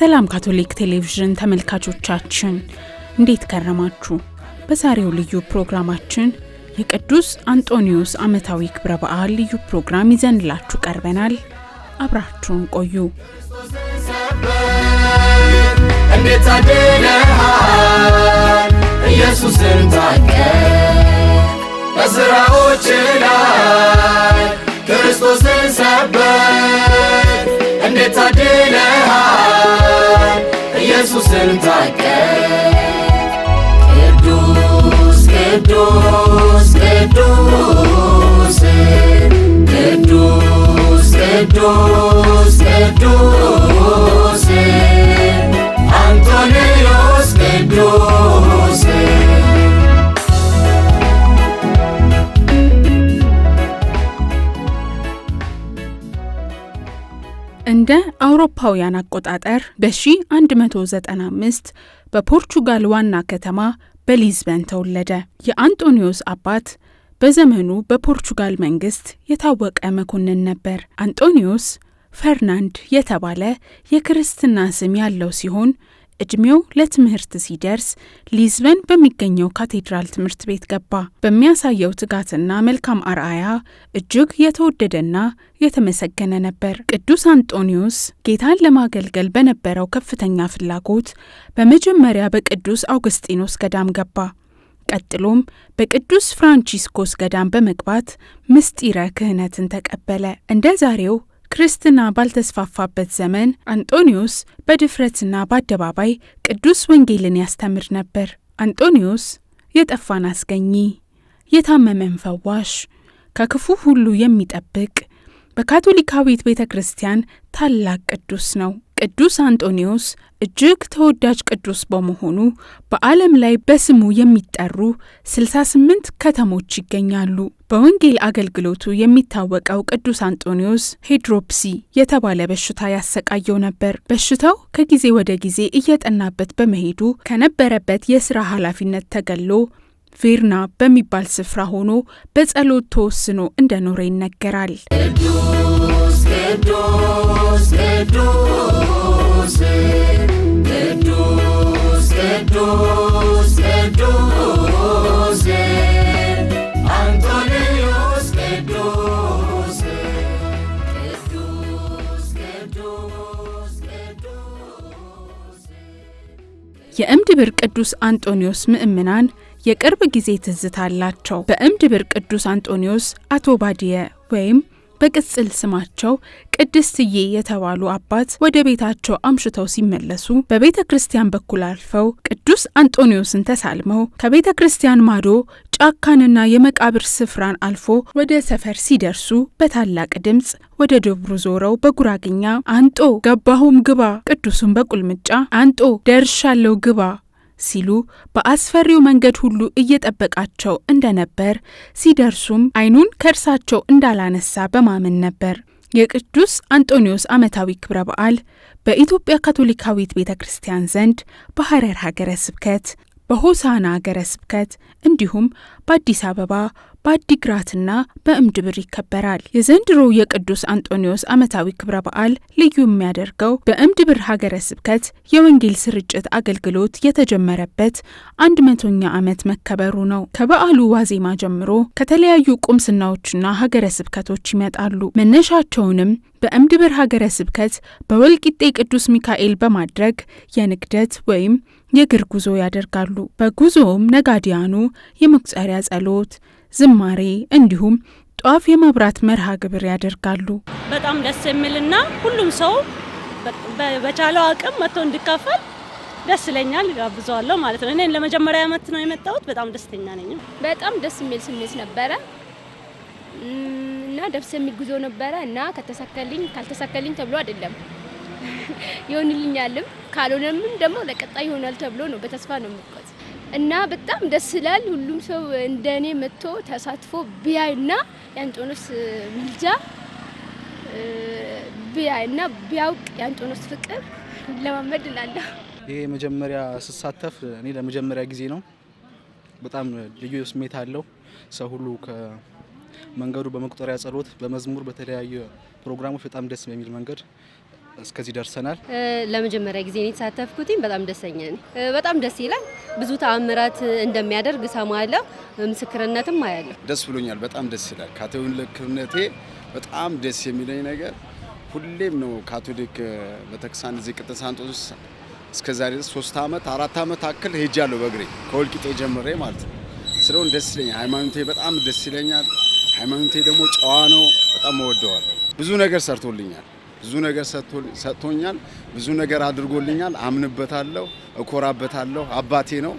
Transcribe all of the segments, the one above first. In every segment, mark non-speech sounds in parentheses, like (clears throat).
ሰላም ካቶሊክ ቴሌቪዥን ተመልካቾቻችን እንዴት ከረማችሁ? በዛሬው ልዩ ፕሮግራማችን የቅዱስ አንጦንዮስ ዓመታዊ ክብረ በዓል ልዩ ፕሮግራም ይዘንላችሁ ቀርበናል። አብራችሁን ቆዩ። ኢየሱስን ታቀ በስራዎች ላይ ክርስቶስን ሰበክ እንዴት ኢየሱስን ታቀፍ ቅዱስ ቅዱስ ቅዱስ ቅዱስ ቅዱስ አውሮፓውያን አቆጣጠር በ1195 በፖርቹጋል ዋና ከተማ በሊዝበን ተወለደ። የአንጦኒዮስ አባት በዘመኑ በፖርቹጋል መንግስት የታወቀ መኮንን ነበር። አንጦኒዮስ ፈርናንድ የተባለ የክርስትና ስም ያለው ሲሆን እድሜው ለትምህርት ሲደርስ ሊዝበን በሚገኘው ካቴድራል ትምህርት ቤት ገባ። በሚያሳየው ትጋትና መልካም አርአያ እጅግ የተወደደና የተመሰገነ ነበር። ቅዱስ አንጦኒዮስ ጌታን ለማገልገል በነበረው ከፍተኛ ፍላጎት በመጀመሪያ በቅዱስ አውግስጢኖስ ገዳም ገባ። ቀጥሎም በቅዱስ ፍራንቺስኮስ ገዳም በመግባት ምስጢረ ክህነትን ተቀበለ። እንደ ዛሬው ክርስትና ባልተስፋፋበት ዘመን አንጦኒዮስ በድፍረትና በአደባባይ ቅዱስ ወንጌልን ያስተምር ነበር። አንጦኒዮስ የጠፋን አስገኚ፣ የታመመን ፈዋሽ፣ ከክፉ ሁሉ የሚጠብቅ በካቶሊካዊት ቤተ ክርስቲያን ታላቅ ቅዱስ ነው። ቅዱስ አንጦኒዎስ እጅግ ተወዳጅ ቅዱስ በመሆኑ በዓለም ላይ በስሙ የሚጠሩ 68 ከተሞች ይገኛሉ። በወንጌል አገልግሎቱ የሚታወቀው ቅዱስ አንጦኒዎስ ሄድሮፕሲ የተባለ በሽታ ያሰቃየው ነበር። በሽታው ከጊዜ ወደ ጊዜ እየጠናበት በመሄዱ ከነበረበት የሥራ ኃላፊነት ተገሎ ቬርና በሚባል ስፍራ ሆኖ በጸሎት ተወስኖ እንደኖረ ይነገራል። ቅዱስ ቅዱስ ቅዱስ ቅዱስ ቅዱስ ቅዱስ አንቶንዮስ የእምድብር ቅዱስ አንጦኒዎስ ምእምናን የቅርብ ጊዜ ትዝታ አላቸው። በእምድ ብር ቅዱስ አንጦኒዎስ አቶ ባዲየ ወይም በቅጽል ስማቸው ቅድስትዬ የተባሉ አባት ወደ ቤታቸው አምሽተው ሲመለሱ በቤተ ክርስቲያን በኩል አልፈው ቅዱስ አንጦኒዮስን ተሳልመው ከቤተ ክርስቲያን ማዶ ጫካንና የመቃብር ስፍራን አልፎ ወደ ሰፈር ሲደርሱ በታላቅ ድምፅ ወደ ደብሩ ዞረው በጉራግኛ አንጦ ገባሁም ግባ፣ ቅዱሱን በቁልምጫ አንጦ ደርሻለው ግባ ሲሉ በአስፈሪው መንገድ ሁሉ እየጠበቃቸው እንደነበር ሲደርሱም አይኑን ከእርሳቸው እንዳላነሳ በማመን ነበር። የቅዱስ አንጦኒዎስ ዓመታዊ ክብረ በዓል በኢትዮጵያ ካቶሊካዊት ቤተ ክርስቲያን ዘንድ በሐረር ሀገረ ስብከት፣ በሆሳና ሀገረ ስብከት እንዲሁም በአዲስ አበባ በአዲግራትና በእምድብር ይከበራል። የዘንድሮው የቅዱስ አንጦኒዎስ ዓመታዊ ክብረ በዓል ልዩ የሚያደርገው በእምድብር ሀገረ ስብከት የወንጌል ስርጭት አገልግሎት የተጀመረበት አንድ መቶኛ ዓመት መከበሩ ነው። ከበዓሉ ዋዜማ ጀምሮ ከተለያዩ ቁምስናዎችና ሀገረ ስብከቶች ይመጣሉ። መነሻቸውንም በእምድብር ሀገረ ስብከት በወልቂጤ ቅዱስ ሚካኤል በማድረግ የንግደት ወይም የእግር ጉዞ ያደርጋሉ። በጉዞውም ነጋዲያኑ የመቁጠሪያ ጸሎት ዝማሬ እንዲሁም ጧፍ የማብራት መርሃ ግብር ያደርጋሉ። በጣም ደስ የሚልና ሁሉም ሰው በቻለው አቅም መጥቶ እንዲካፈል ደስ ይለኛል። ጋብዘዋለሁ ማለት ነው። እኔን ለመጀመሪያ ዓመት ነው የመጣሁት። በጣም ደስተኛ ነኝ። በጣም ደስ የሚል ስሜት ነበረ እና ደስ የሚል ጉዞ ነበረ እና ከተሳካልኝ ካልተሳካልኝ ተብሎ አይደለም (laughs) ይሆንልኛልም፣ ካልሆነም ደግሞ ለቀጣይ ይሆናል ተብሎ ነው። በተስፋ ነው የምቆጽ እና በጣም ደስ ይላል። ሁሉም ሰው እንደኔ መጥቶ ተሳትፎ ቢያይና የአንጦኖስ ምልጃ ቢያይና ቢያውቅ የአንጦኖስ ፍቅር ለማመድ እላለሁ። ይሄ መጀመሪያ ስሳተፍ እኔ ለመጀመሪያ ጊዜ ነው። በጣም ልዩ ስሜት አለው። ሰው ሁሉ ከመንገዱ በመቁጠሪያ ጸሎት፣ በመዝሙር፣ በተለያዩ ፕሮግራሞች በጣም ደስ በሚል መንገድ እስከዚህ ደርሰናል። ለመጀመሪያ ጊዜ ነው የተሳተፍኩትኝ። በጣም ደሰኛ ነኝ። በጣም ደስ ይላል። ብዙ ተአምራት እንደሚያደርግ ሰማለሁ፣ ምስክርነትም አያለሁ። ደስ ብሎኛል። በጣም ደስ ይላል። ካቶሊክነቴ በጣም ደስ የሚለኝ ነገር ሁሌም ነው ካቶሊክ ቤተክርስቲያን እዚህ ቅድስት ሳንጦስ እስከ ዛሬ ሶስት ዓመት አራት ዓመት አክል ሄጃለሁ በእግሬ ከወልቂጤ ጀምሬ ማለት ነው። ስለሆን ደስ ይለኛል። ሃይማኖቴ በጣም ደስ ይለኛል። ሃይማኖቴ ደግሞ ጨዋ ነው። በጣም እወደዋለሁ። ብዙ ነገር ሰርቶልኛል። ብዙ ነገር ሰጥቶኛል፣ ብዙ ነገር አድርጎልኛል። አምንበታለሁ፣ እኮራበታለሁ። አባቴ ነው።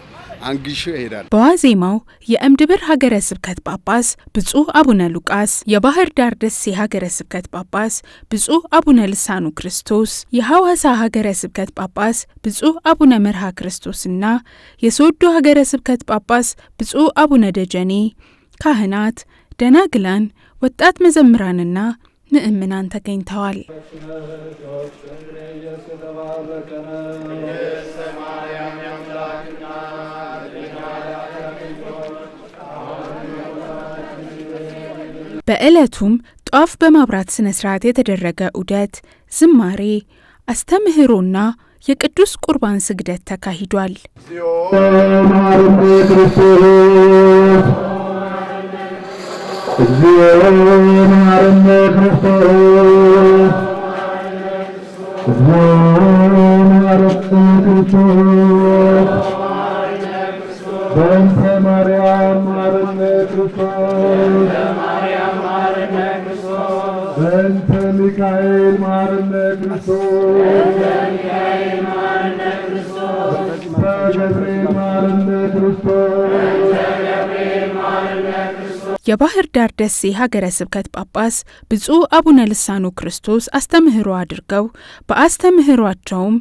አንግሽ ይሄዳል። በዋዜማው የእምድብር ሀገረ ስብከት ጳጳስ ብፁዕ አቡነ ሉቃስ፣ የባህር ዳር ደሴ ሀገረ ስብከት ጳጳስ ብፁዕ አቡነ ልሳኑ ክርስቶስ፣ የሐዋሳ ሀገረ ስብከት ጳጳስ ብፁዕ አቡነ መርሃ ክርስቶስና የሶዶ ሀገረ ስብከት ጳጳስ ብፁዕ አቡነ ደጀኔ፣ ካህናት፣ ደናግላን፣ ወጣት መዘምራንና ምእምናን ተገኝተዋል። በዕለቱም ጧፍ በማብራት ስነ ስርዓት የተደረገ ዑደት፣ ዝማሬ፣ አስተምህሮና የቅዱስ ቁርባን ስግደት ተካሂዷል። እግዚኦ መሐረነ ክርስቶስ እግዚኦ መሐረነ ክርስቶስ በእንተ ማርያም መሐረነ ክርስቶስ በእንተ ሚካኤል መሐረነ ክርስቶስ በገብርኤል መሐረነ ክርስቶስ የባህር ዳር ደሴ ሀገረ ስብከት ጳጳስ ብፁዕ አቡነ ልሳኑ ክርስቶስ አስተምህሮ አድርገው በአስተምህሯቸውም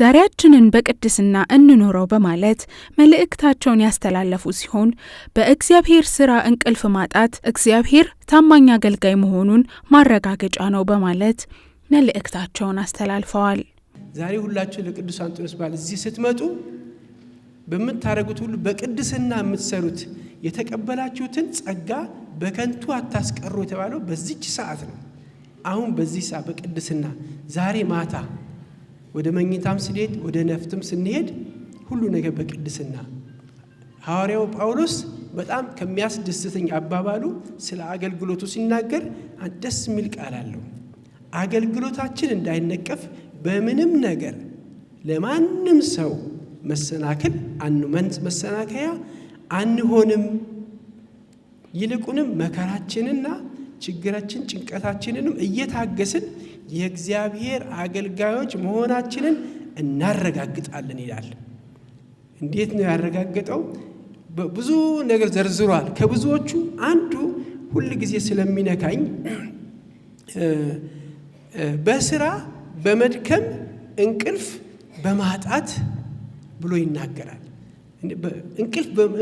ዛሬያችንን በቅድስና እንኖረው በማለት መልእክታቸውን ያስተላለፉ ሲሆን በእግዚአብሔር ስራ እንቅልፍ ማጣት እግዚአብሔር ታማኝ አገልጋይ መሆኑን ማረጋገጫ ነው በማለት መልእክታቸውን አስተላልፈዋል። ዛሬ ሁላችን ለቅዱስ አንጦንስ በዓል እዚህ ስትመጡ በምታደርጉት ሁሉ በቅድስና የምትሰሩት የተቀበላችሁትን ጸጋ በከንቱ አታስቀሩ የተባለው በዚች ሰዓት ነው። አሁን በዚህ ሰዓት በቅድስና ዛሬ ማታ ወደ መኝታም ስንሄድ ወደ ነፍትም ስንሄድ ሁሉ ነገር በቅድስና ሐዋርያው ጳውሎስ በጣም ከሚያስደስተኝ አባባሉ ስለ አገልግሎቱ ሲናገር ደስ የሚል ቃል አለው። አገልግሎታችን እንዳይነቀፍ በምንም ነገር ለማንም ሰው መሰናክል አኑ መሰናከያ አንሆንም። ይልቁንም መከራችንና ችግራችን ጭንቀታችንንም እየታገስን የእግዚአብሔር አገልጋዮች መሆናችንን እናረጋግጣለን ይላል። እንዴት ነው ያረጋገጠው? ብዙ ነገር ዘርዝሯል። ከብዙዎቹ አንዱ ሁል ጊዜ ስለሚነካኝ በስራ በመድከም እንቅልፍ በማጣት ብሎ ይናገራል።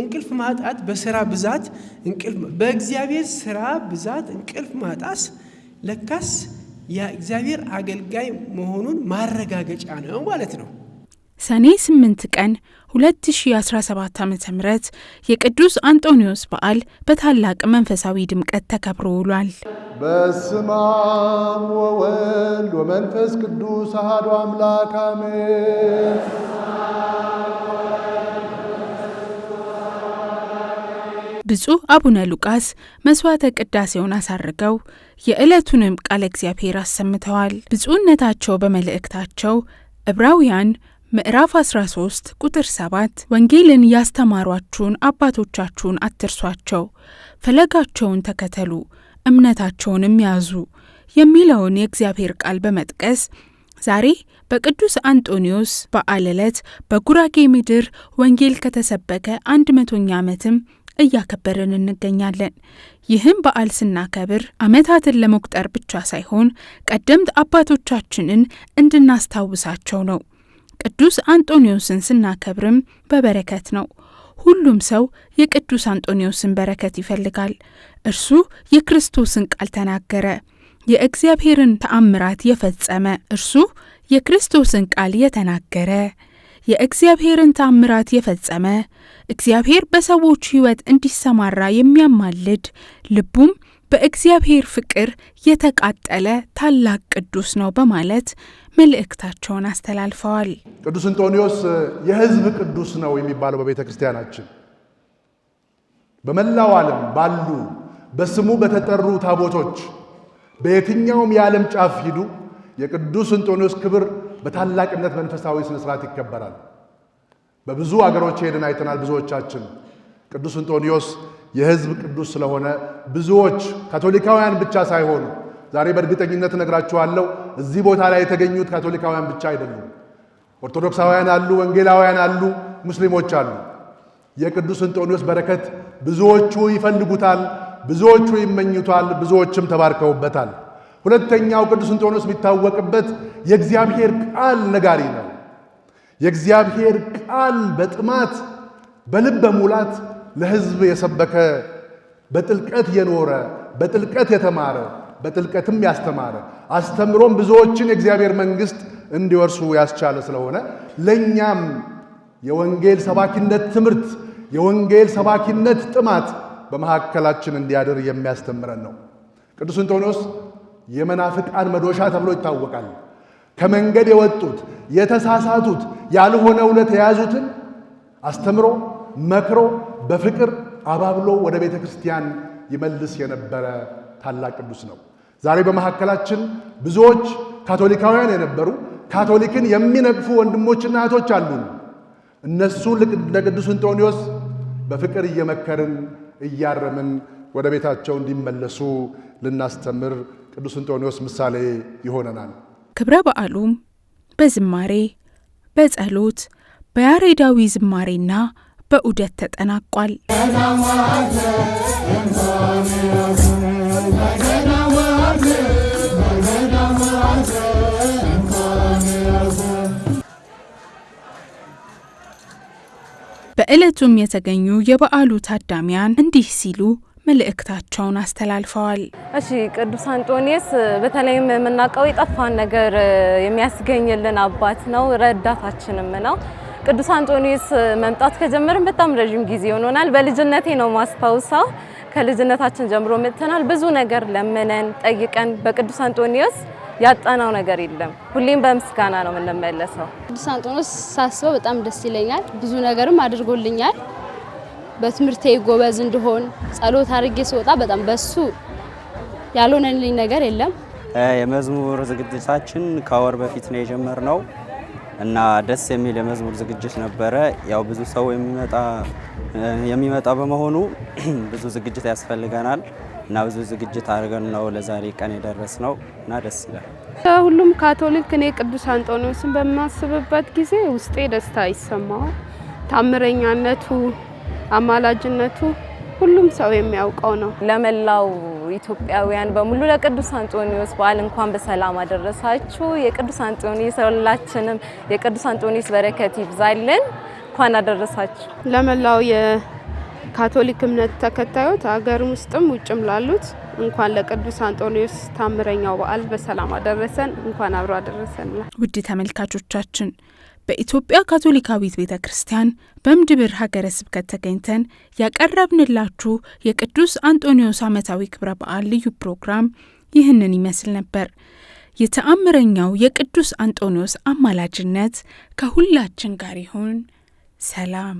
እንቅልፍ ማጣት በስራ ብዛት በእግዚአብሔር ስራ ብዛት እንቅልፍ ማጣስ ለካስ የእግዚአብሔር አገልጋይ መሆኑን ማረጋገጫ ነው ማለት ነው። ሰኔ 8 ቀን 2017 ዓ ም የቅዱስ አንጦኒዎስ በዓል በታላቅ መንፈሳዊ ድምቀት ተከብሮ ውሏል። በስመ አብ ወወልድ ወመንፈስ ቅዱስ አሐዱ አምላክ አሜን። ብፁዕ አቡነ ሉቃስ መስዋዕተ ቅዳሴውን አሳርገው የዕለቱንም ቃለ እግዚአብሔር አሰምተዋል። ብፁዕነታቸው በመልእክታቸው ዕብራውያን ምዕራፍ 13 ቁጥር 7 ወንጌልን ያስተማሯችሁን አባቶቻችሁን አትርሷቸው፣ ፈለጋቸውን ተከተሉ፣ እምነታቸውንም ያዙ የሚለውን የእግዚአብሔር ቃል በመጥቀስ ዛሬ በቅዱስ አንጦኒዮስ በዓል ዕለት በጉራጌ ምድር ወንጌል ከተሰበከ አንድ መቶኛ ዓመትም እያከበርን እንገኛለን። ይህም በዓል ስናከብር ዓመታትን ለመቁጠር ብቻ ሳይሆን ቀደምት አባቶቻችንን እንድናስታውሳቸው ነው። ቅዱስ አንጦኒዮስን ስናከብርም በበረከት ነው። ሁሉም ሰው የቅዱስ አንጦኒዮስን በረከት ይፈልጋል። እርሱ የክርስቶስን ቃል ተናገረ፣ የእግዚአብሔርን ተአምራት የፈጸመ እርሱ የክርስቶስን ቃል የተናገረ የእግዚአብሔርን ተአምራት የፈጸመ እግዚአብሔር በሰዎች ሕይወት እንዲሰማራ የሚያማልድ ልቡም በእግዚአብሔር ፍቅር የተቃጠለ ታላቅ ቅዱስ ነው በማለት መልእክታቸውን አስተላልፈዋል። ቅዱስ እንጦንዮስ የሕዝብ ቅዱስ ነው የሚባለው በቤተ ክርስቲያናችን በመላው ዓለም ባሉ በስሙ በተጠሩ ታቦቶች በየትኛውም የዓለም ጫፍ ሂዱ፣ የቅዱስ እንጦንዮስ ክብር በታላቅነት መንፈሳዊ ስነ ስርዓት ይከበራል። በብዙ አገሮች ሄደን አይተናል። ብዙዎቻችን ቅዱስ እንጦንዮስ የሕዝብ ቅዱስ ስለሆነ ብዙዎች ካቶሊካውያን ብቻ ሳይሆኑ ዛሬ በእርግጠኝነት እነግራችኋለሁ፣ እዚህ ቦታ ላይ የተገኙት ካቶሊካውያን ብቻ አይደሉም። ኦርቶዶክሳውያን አሉ፣ ወንጌላውያን አሉ፣ ሙስሊሞች አሉ። የቅዱስ እንጦንዮስ በረከት ብዙዎቹ ይፈልጉታል፣ ብዙዎቹ ይመኙታል፣ ብዙዎችም ተባርከውበታል። ሁለተኛው ቅዱስ እንጦንዮስ የሚታወቅበት የእግዚአብሔር ቃል ነጋሪ ነው። የእግዚአብሔር ቃል በጥማት በልብ ሙላት ለሕዝብ የሰበከ በጥልቀት የኖረ በጥልቀት የተማረ በጥልቀትም ያስተማረ አስተምሮም ብዙዎችን የእግዚአብሔር መንግሥት እንዲወርሱ ያስቻለ ስለሆነ ለእኛም የወንጌል ሰባኪነት ትምህርት የወንጌል ሰባኪነት ጥማት በመካከላችን እንዲያድር የሚያስተምረን ነው። ቅዱስ እንጦንዮስ የመናፍቃን መዶሻ ተብሎ ይታወቃል። ከመንገድ የወጡት የተሳሳቱት ያልሆነ እውነት የያዙትን አስተምሮ መክሮ በፍቅር አባብሎ ወደ ቤተ ክርስቲያን ይመልስ የነበረ ታላቅ ቅዱስ ነው። ዛሬ በመካከላችን ብዙዎች ካቶሊካውያን የነበሩ ካቶሊክን የሚነቅፉ ወንድሞችና እህቶች አሉን። እነሱ ለቅዱስ እንጦንዮስ በፍቅር እየመከርን እያረምን ወደ ቤታቸው እንዲመለሱ ልናስተምር ቅዱስ እንጦንዮስ ምሳሌ ይሆነናል። ክብረ በዓሉም በዝማሬ በጸሎት በያሬዳዊ ዝማሬና በዑደት ተጠናቋል። በዕለቱም የተገኙ የበዓሉ ታዳሚያን እንዲህ ሲሉ መልእክታቸውን አስተላልፈዋል። እሺ ቅዱስ አንጦኒዮስ በተለይም የምናውቀው የጠፋን ነገር የሚያስገኝልን አባት ነው፣ ረዳታችንም ነው። ቅዱስ አንጦኒዮስ መምጣት ከጀመርን በጣም ረዥም ጊዜ ሆኖናል። በልጅነቴ ነው ማስታውሰው። ከልጅነታችን ጀምሮ መጥተናል። ብዙ ነገር ለምነን ጠይቀን በቅዱስ አንጦኒዮስ ያጣናው ነገር የለም። ሁሌም በምስጋና ነው የምንመለሰው። ቅዱስ አንጦኒዮስ ሳስበው በጣም ደስ ይለኛል። ብዙ ነገርም አድርጎልኛል። በትምህርቴ ጎበዝ እንድሆን ጸሎት አድርጌ ስወጣ በጣም በሱ ያልሆነልኝ ነገር የለም። የመዝሙር ዝግጅታችን ከወር በፊት ነው የጀመርነው እና ደስ የሚል የመዝሙር ዝግጅት ነበረ። ያው ብዙ ሰው የሚመጣ በመሆኑ (clears throat) ብዙ ዝግጅት ያስፈልገናል እና ብዙ ዝግጅት አድርገን ነው ለዛሬ ቀን የደረስ ነው እና ደስ ይላል። ሁሉም ካቶሊክ እኔ ቅዱስ አንጦኖስን በማስብበት ጊዜ ውስጤ ደስታ ይሰማዋል። ታምረኛነቱ አማላጅነቱ ሁሉም ሰው የሚያውቀው ነው። ለመላው ኢትዮጵያውያን በሙሉ ለቅዱስ አንጦኒዎስ በዓል እንኳን በሰላም አደረሳችሁ። የቅዱስ አንጦኒዎስ ሁላችንም የቅዱስ አንጦኒዎስ በረከት ይብዛልን። እንኳን አደረሳችሁ። ለመላው የካቶሊክ እምነት ተከታዮች ሀገር ውስጥም ውጭም ላሉት እንኳን ለቅዱስ አንጦኒዎስ ታምረኛው በዓል በሰላም አደረሰን። እንኳን አብሮ አደረሰን። ውድ ተመልካቾቻችን በኢትዮጵያ ካቶሊካዊት ቤተ ክርስቲያን በምድብር ሀገረ ስብከት ተገኝተን ያቀረብንላችሁ የቅዱስ አንጦኒዎስ ዓመታዊ ክብረ በዓል ልዩ ፕሮግራም ይህንን ይመስል ነበር። የተአምረኛው የቅዱስ አንጦኒዎስ አማላጅነት ከሁላችን ጋር ይሁን። ሰላም